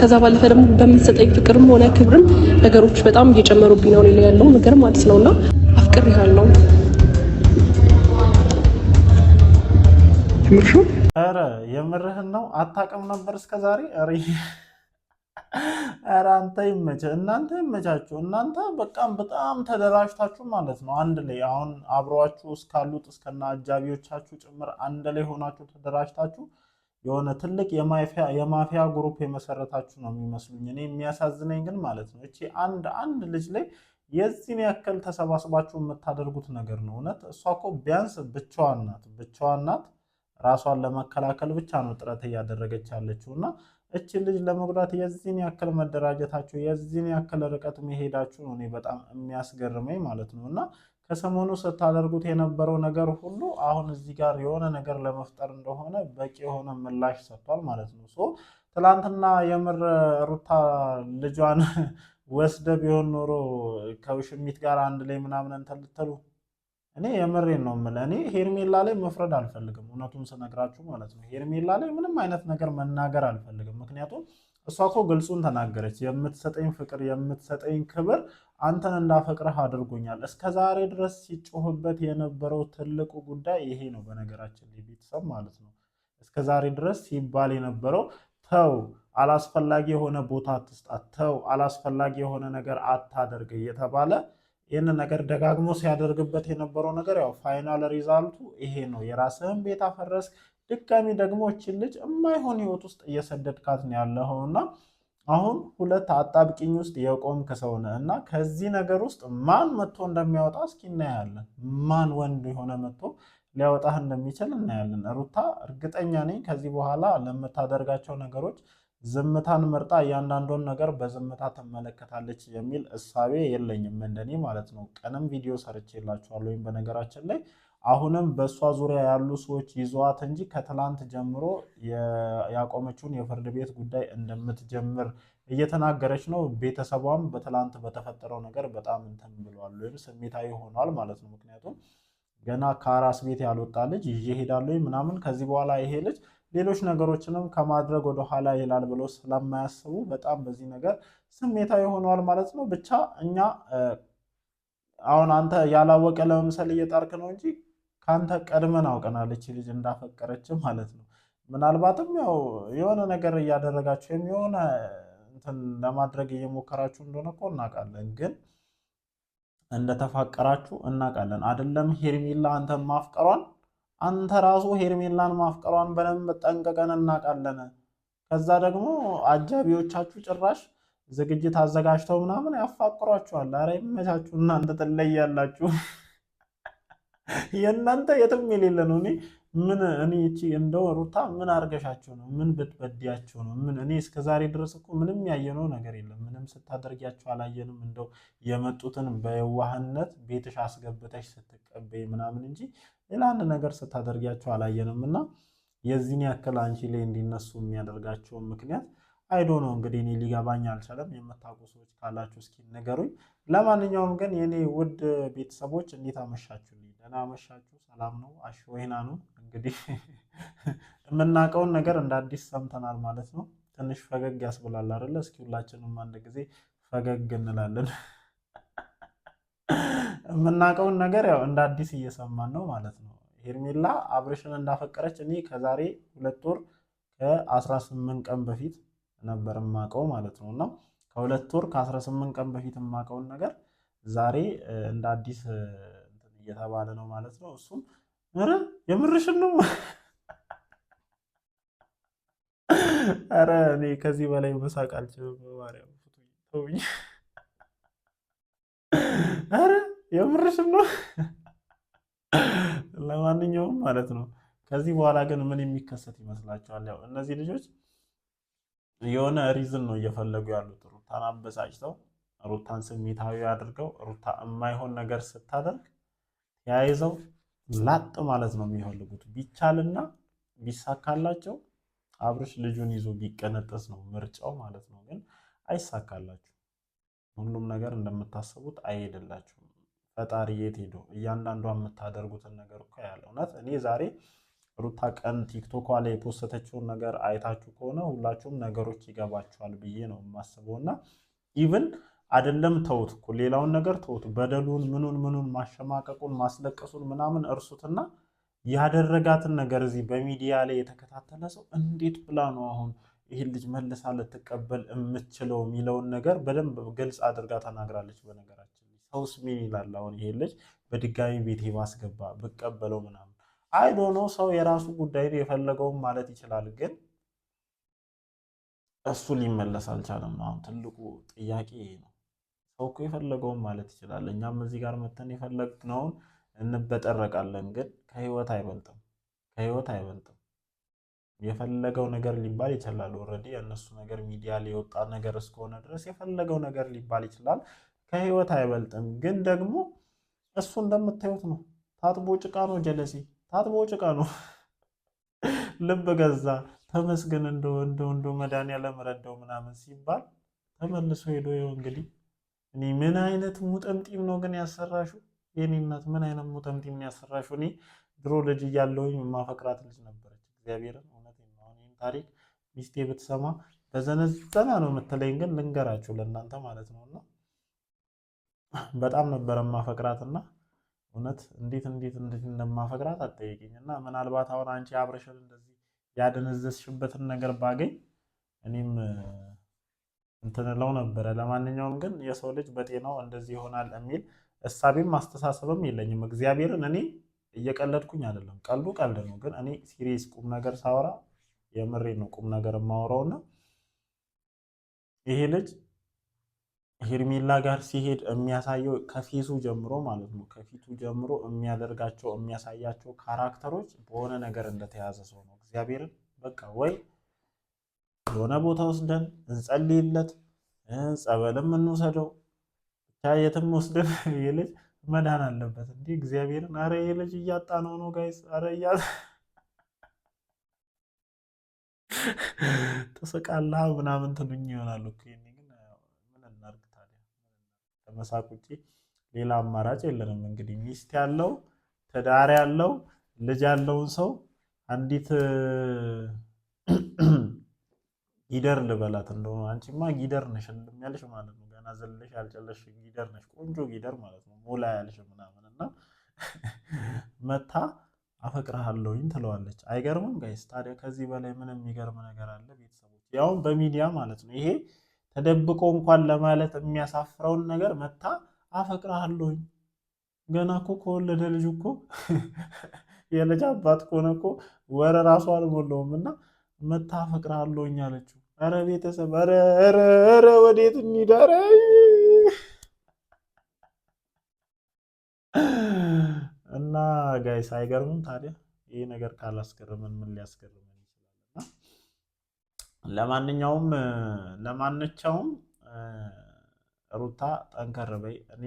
ከዛ ባለፈ ደግሞ በምትሰጠኝ ፍቅርም ሆነ ክብርም ነገሮች በጣም እየጨመሩብኝ ነው ላይ ያለው ነገር ማለት ነው እና አፍቅር ያለው ኧረ የምርህን ነው አታውቅም ነበር እስከ ዛሬ። ኧረ አንተ ይመችህ፣ እናንተ ይመቻችሁ። እናንተ በቃም በጣም ተደራጅታችሁ ማለት ነው አንድ ላይ አሁን አብረዋችሁ እስካሉት እስከና አጃቢዎቻችሁ ጭምር አንድ ላይ ሆናችሁ ተደራጅታችሁ የሆነ ትልቅ የማፊያ ግሩፕ የመሰረታችሁ ነው የሚመስሉኝ። እኔ የሚያሳዝነኝ ግን ማለት ነው እቺ አንድ አንድ ልጅ ላይ የዚህን ያክል ተሰባስባችሁ የምታደርጉት ነገር ነው። እውነት እሷ እኮ ቢያንስ ብቻዋን ናት ብቻዋን ናት። ራሷን ለመከላከል ብቻ ነው ጥረት እያደረገች ያለችው እና እችን ልጅ ለመጉዳት የዚህን ያክል መደራጀታችሁ፣ የዚህን ያክል ርቀት መሄዳችሁ ነው እኔ በጣም የሚያስገርመኝ ማለት ነው እና ከሰሞኑ ስታደርጉት የነበረው ነገር ሁሉ አሁን እዚህ ጋር የሆነ ነገር ለመፍጠር እንደሆነ በቂ የሆነ ምላሽ ሰጥቷል ማለት ነው። ሶ ትላንትና የምር ሩታ ልጇን ወስደ ቢሆን ኖሮ ከውሽሚት ጋር አንድ ላይ ምናምን እንትን ልትሉ እኔ የምሬን ነው የምልህ። እኔ ሄርሜላ ላይ መፍረድ አልፈልግም፣ እውነቱን ስነግራችሁ ማለት ነው። ሄርሜላ ላይ ምንም አይነት ነገር መናገር አልፈልግም፣ ምክንያቱም እሷ እኮ ግልጹን ተናገረች። የምትሰጠኝ ፍቅር የምትሰጠኝ ክብር አንተን እንዳፈቅረህ አድርጎኛል። እስከ ዛሬ ድረስ ሲጮህበት የነበረው ትልቁ ጉዳይ ይሄ ነው። በነገራችን ላይ ቤተሰብ ማለት ነው እስከ ዛሬ ድረስ ሲባል የነበረው ተው፣ አላስፈላጊ የሆነ ቦታ አትስጣት፣ ተው፣ አላስፈላጊ የሆነ ነገር አታደርግ እየተባለ ይህን ነገር ደጋግሞ ሲያደርግበት የነበረው ነገር ያው ፋይናል ሪዛልቱ ይሄ ነው። የራስህን ቤት አፈረስክ፣ ድጋሚ ደግሞ እችን ልጅ የማይሆን ህይወት ውስጥ እየሰደድካት ነው ያለኸው እና አሁን ሁለት አጣብቂኝ ውስጥ የቆምክ ሰው ነህ እና ከዚህ ነገር ውስጥ ማን መጥቶ እንደሚያወጣ እስኪ እናያለን። ማን ወንድ የሆነ መጥቶ ሊያወጣህ እንደሚችል እናያለን። ሩታ እርግጠኛ ነኝ ከዚህ በኋላ ለምታደርጋቸው ነገሮች ዝምታን መርጣ እያንዳንዱን ነገር በዝምታ ትመለከታለች የሚል እሳቤ የለኝም፣ እንደኔ ማለት ነው። ቀንም ቪዲዮ ሰርቼላችኋለሁ ወይም በነገራችን ላይ አሁንም በእሷ ዙሪያ ያሉ ሰዎች ይዘዋት እንጂ ከትላንት ጀምሮ ያቆመችውን የፍርድ ቤት ጉዳይ እንደምትጀምር እየተናገረች ነው። ቤተሰቧም በትላንት በተፈጠረው ነገር በጣም እንትን ብሏል ወይም ስሜታዊ ሆኗል ማለት ነው። ምክንያቱም ገና ከአራስ ቤት ያልወጣ ልጅ ይዤ ሄዳለሁ ምናምን ከዚህ በኋላ ይሄ ልጅ ሌሎች ነገሮችንም ከማድረግ ወደኋላ ይላል ብለው ስለማያስቡ በጣም በዚህ ነገር ስሜታዊ ሆነዋል ማለት ነው። ብቻ እኛ አሁን አንተ ያላወቀ ለመምሰል እየጣርክ ነው እንጂ ከአንተ ቀድመን አውቀናለች ልጅ እንዳፈቀረች ማለት ነው። ምናልባትም ያው የሆነ ነገር እያደረጋችሁ ወይም የሆነ እንትን ለማድረግ እየሞከራችሁ እንደሆነ እኮ እናውቃለን፣ ግን እንደተፋቀራችሁ እናውቃለን። አይደለም ሄርሜላ አንተን ማፍቀሯን አንተ ራሱ ሄርሜላን ማፍቀሯን በደንብ ጠንቅቀን እናውቃለን። ከዛ ደግሞ አጃቢዎቻችሁ ጭራሽ ዝግጅት አዘጋጅተው ምናምን ያፋቅሯችኋል። አረ ይመቻችሁ እናንተ ትለያላችሁ። የእናንተ የትም የሌለ ነው። እኔ ምን እኔ እቺ እንደው ሩታ ምን አርገሻቸው ነው? ምን ብትበድያቸው ነው? ምን እኔ እስከ ዛሬ ድረስ እኮ ምንም ያየነው ነገር የለም። ምንም ስታደርጊያቸው አላየንም። እንደው የመጡትን በየዋህነት ቤትሽ አስገብተሽ ስትቀበይ ምናምን እንጂ ሌላ አንድ ነገር ስታደርጊያቸው አላየንም እና የዚህን ያክል አንቺ ላይ እንዲነሱ የሚያደርጋቸውን ምክንያት አይዶ ነው እንግዲህ እኔ ሊገባኝ አልቻለም። የምታውቁ ሰዎች ካላችሁ እስኪ ንገሩኝ። ለማንኛውም ግን የኔ ውድ ቤተሰቦች እንዴት አመሻችሁ? ደህና አመሻችሁ? ሰላም ነው? አሽ ወይና ነው እንግዲህ የምናውቀውን ነገር እንደ አዲስ ሰምተናል ማለት ነው። ትንሽ ፈገግ ያስብላል አይደለ? እስኪ ሁላችንም አንድ ጊዜ ፈገግ እንላለን። የምናውቀውን ነገር ያው እንደ አዲስ እየሰማን ነው ማለት ነው። ሄርሜላ አብሬሽን እንዳፈቀረች እኔ ከዛሬ ሁለት ወር ከ18 ቀን በፊት ነበር የማውቀው ማለት ነው እና ከሁለት ወር ከ18 ቀን በፊት የማውቀውን ነገር ዛሬ እንደ አዲስ እየተባለ ነው ማለት ነው። እሱም ኧረ የምርሽን ነው ኧረ እኔ ከዚህ በላይ መሳቅ አልችልም። ማርያም ተውኝ። ኧረ የምርሽን ነው። ለማንኛውም ማለት ነው ከዚህ በኋላ ግን ምን የሚከሰት ይመስላችኋል? ያው እነዚህ ልጆች የሆነ ሪዝን ነው እየፈለጉ ያሉት። ሩታን አበሳጭተው ሩታን ስሜታዊ አድርገው ሩታ የማይሆን ነገር ስታደርግ ተያይዘው ላጥ ማለት ነው የሚፈልጉት። ቢቻልና ቢሳካላቸው አብርሽ ልጁን ይዞ ቢቀነጠስ ነው ምርጫው ማለት ነው። ግን አይሳካላችሁ። ሁሉም ነገር እንደምታስቡት አይሄድላችሁም። ፈጣሪ የት ሄዶ እያንዳንዷ የምታደርጉትን ነገር እኮ ያለ እውነት እኔ ዛሬ ሩታ ቀን ቲክቶኳ ላይ የፖስተችውን ነገር አይታችሁ ከሆነ ሁላችሁም ነገሮች ይገባችኋል ብዬ ነው የማስበው። እና ኢቭን አይደለም ተውት እኮ ሌላውን ነገር ተውት፣ በደሉን፣ ምኑን ምኑን ማሸማቀቁን፣ ማስለቀሱን ምናምን እርሱትና ያደረጋትን ነገር እዚህ በሚዲያ ላይ የተከታተለ ሰው እንዴት ብላ ነው አሁን ይህን ልጅ መልሳ ልትቀበል የምትችለው የሚለውን ነገር በደንብ ግልጽ አድርጋ ተናግራለች። በነገራችን ሰውስ ምን ይላል አሁን ይሄ ልጅ በድጋሚ ቤቴ ባስገባ ብቀበለው ምናምን አይ ዶኖ ሰው የራሱ ጉዳይ የፈለገውን ማለት ይችላል። ግን እሱ ሊመለስ አልቻለም ነው። አሁን ትልቁ ጥያቄ ነው። ሰው እኮ የፈለገውን ማለት ይችላል። እኛም እዚህ ጋር መተን የፈለግነውን እንበጠረቃለን። ግን ከህይወት አይበልጥም፣ ከህይወት አይበልጥም። የፈለገው ነገር ሊባል ይችላል። ኦልሬዲ የእነሱ ነገር ሚዲያ ሊወጣ ነገር እስከሆነ ድረስ የፈለገው ነገር ሊባል ይችላል። ከህይወት አይበልጥም። ግን ደግሞ እሱ እንደምታዩት ነው። ታጥቦ ጭቃ ነው ጀለሲ ታጥቦ ጭቃ ነው። ልብ ገዛ ተመስገን እንደ ወንዶ ወንዶ መድኃኒዓለም ረዳው ምናምን ሲባል ተመልሶ ሄዶ ይኸው እንግዲህ እኔ ምን አይነት ሙጠምጢም ነው ግን ያሰራሹ የኔ እናት ምን አይነት ሙጠምጢም ያሰራሹ። እኔ ድሮ ልጅ እያለሁኝ የማፈቅራት ልጅ ነበረች። እግዚአብሔርን እውነት ይህን ታሪክ ሚስቴ ብትሰማ በዘነዝ ዘና ነው የምትለኝ፣ ግን ልንገራችሁ ለእናንተ ማለት ነው እና በጣም ነበረ ማፈቅራት እና እውነት እንዴት እንዴት እንዴት እንደማፈቅራት አጠይቅኝ እና ምናልባት አሁን አንቺ አብረሽን እንደዚህ ያደነዘዝሽበትን ነገር ባገኝ እኔም እንትንለው ነበረ። ለማንኛውም ግን የሰው ልጅ በጤናው እንደዚህ ይሆናል የሚል እሳቤም አስተሳሰብም የለኝም። እግዚአብሔርን እኔ እየቀለድኩኝ አይደለም፣ ቀልዱ ቀልድ ነው። ግን እኔ ሲሪየስ ቁም ነገር ሳወራ የምሬ ነው ቁም ነገር የማወራውና ይሄ ልጅ ሄርሜላ ጋር ሲሄድ የሚያሳየው ከፊቱ ጀምሮ ማለት ነው። ከፊቱ ጀምሮ የሚያደርጋቸው የሚያሳያቸው ካራክተሮች በሆነ ነገር እንደተያዘ ሰው ነው። እግዚአብሔርን በቃ ወይ የሆነ ቦታ ወስደን እንጸልይለት፣ ጸበልም እንውሰደው፣ ብቻ የትም ወስደን የልጅ መዳን አለበት። እንዲ እግዚአብሔርን አረ የልጅ እያጣ ነው ነው ጋይስ፣ አረ እያ ተሰቃላ ምናምን ትሉኝ ይሆናሉ ከመሳቅ ውጭ ሌላ አማራጭ የለንም። እንግዲህ ሚስት ያለው ትዳር ያለው ልጅ ያለውን ሰው አንዲት ጊደር ልበላት እንደሆነ አንቺማ ጊደር ነሽ እንደሚያልሽ ማለት ነው። ገና ዘለሽ ያልጨለሽ ጊደር ነሽ፣ ቆንጆ ጊደር ማለት ነው። ሞላ ያልሽ ምናምን እና መታ አፈቅርሃለሁኝ ትለዋለች። አይገርምም ጋይስ? ታዲያ ከዚህ በላይ ምንም የሚገርም ነገር አለ? ቤተሰቦች ያውም በሚዲያ ማለት ነው ይሄ ተደብቆ እንኳን ለማለት የሚያሳፍረውን ነገር መታ አፈቅራለሁኝ ገና እኮ ከወለደ ልጅ እኮ የልጅ አባት ከሆነ እኮ ወረ ራሱ አልሞላውም እና መታ አፈቅራለሁኝ አለችው። ኧረ ቤተሰብ ኧረ ወዴት እኒዳረ እና ጋይ አይገርምም ታዲያ? ይህ ነገር ካላስገርምን ምን ሊያስገርምን ለማንኛውም ለማንኛውም ሩታ ጠንከር በይ። እኔ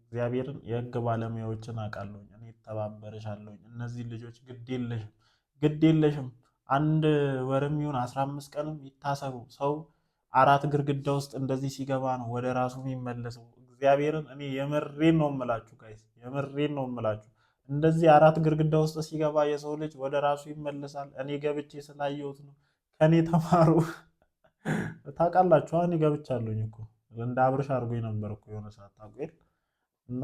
እግዚአብሔርን የህግ ባለሙያዎችን አውቃለሁኝ። እኔ ተባበረሻለሁኝ። እነዚህ ልጆች ግድ የለሽም ግድ የለሽም። አንድ ወርም ይሁን አስራ አምስት ቀንም ይታሰሩ። ሰው አራት ግርግዳ ውስጥ እንደዚህ ሲገባ ነው ወደ ራሱ የሚመለሰው። እግዚአብሔርን እኔ የምሬን ነው የምላችሁ ጋይስ፣ የምሬን ነው የምላችሁ። እንደዚህ አራት ግርግዳ ውስጥ ሲገባ የሰው ልጅ ወደ ራሱ ይመለሳል። እኔ ገብቼ ስላየሁት ነው። ከኔ ተማሩ። ታውቃላችሁ እኔ ገብቻለሁኝ እኮ እንደ አብርሽ አድርጎኝ ነበር እኮ የሆነ ሰዓት ታውቁኝ እና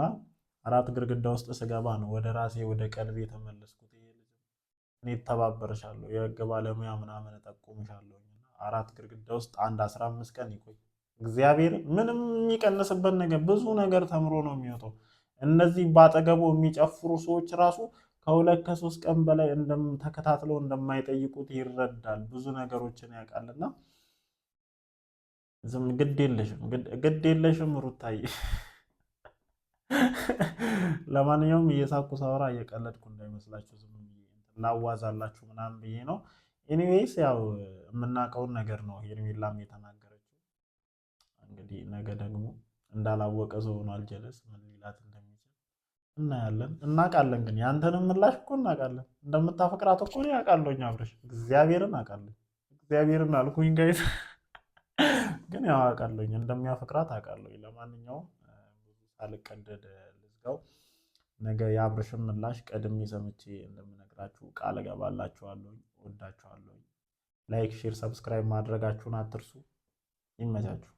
አራት ግርግዳ ውስጥ ስገባ ነው ወደ ራሴ ወደ ቀልብ የተመለስኩት። እኔ ተባበርሻለሁ፣ የህግ ባለሙያ ምናምን እጠቁምሻለሁ። አራት ግርግዳ ውስጥ አንድ አስራ አምስት ቀን ይቆይ። እግዚአብሔር ምንም የሚቀንስበት ነገር ብዙ ነገር ተምሮ ነው የሚወጣው። እነዚህ በአጠገቡ የሚጨፍሩ ሰዎች ራሱ ከሁለት ከሶስት ቀን በላይ ተከታትለው እንደማይጠይቁት ይረዳል። ብዙ ነገሮችን ያውቃልና ዝም ግድ የለሽም ግድ የለሽም ሩታዬ። ለማንኛውም እየሳኩ ሳወራ እየቀለድኩ እንዳይመስላችሁ ዝም ላዋዛላችሁ ምናምን ብዬ ነው። ኤኒዌይስ ያው የምናውቀውን ነገር ነው ሄርሜላም የተናገረችው። እንግዲህ ነገ ደግሞ እንዳላወቀ ሰው ሆኗል ጀለስ ምን እናያለን እናውቃለን። ግን ያንተንም ምላሽ እኮ እናውቃለን። እንደምታፈቅራት እኮ እኔ አውቃለሁኝ። አብረሽ እግዚአብሔርን አውቃለሁ። እግዚአብሔርን አልኩኝ ጋይስ፣ ግን ያው አውቃለሁኝ፣ እንደሚያፈቅራት አውቃለሁኝ። ለማንኛውም ሳልቀደድ ልዝጋው። ነገ የአብረሽን ምላሽ ቀድሜ ሰምቼ እንደምነግራችሁ ቃል እገባላችኋለሁኝ። እወዳችኋለሁኝ። ላይክ፣ ሼር፣ ሰብስክራይብ ማድረጋችሁን አትርሱ። ይመቻችሁ።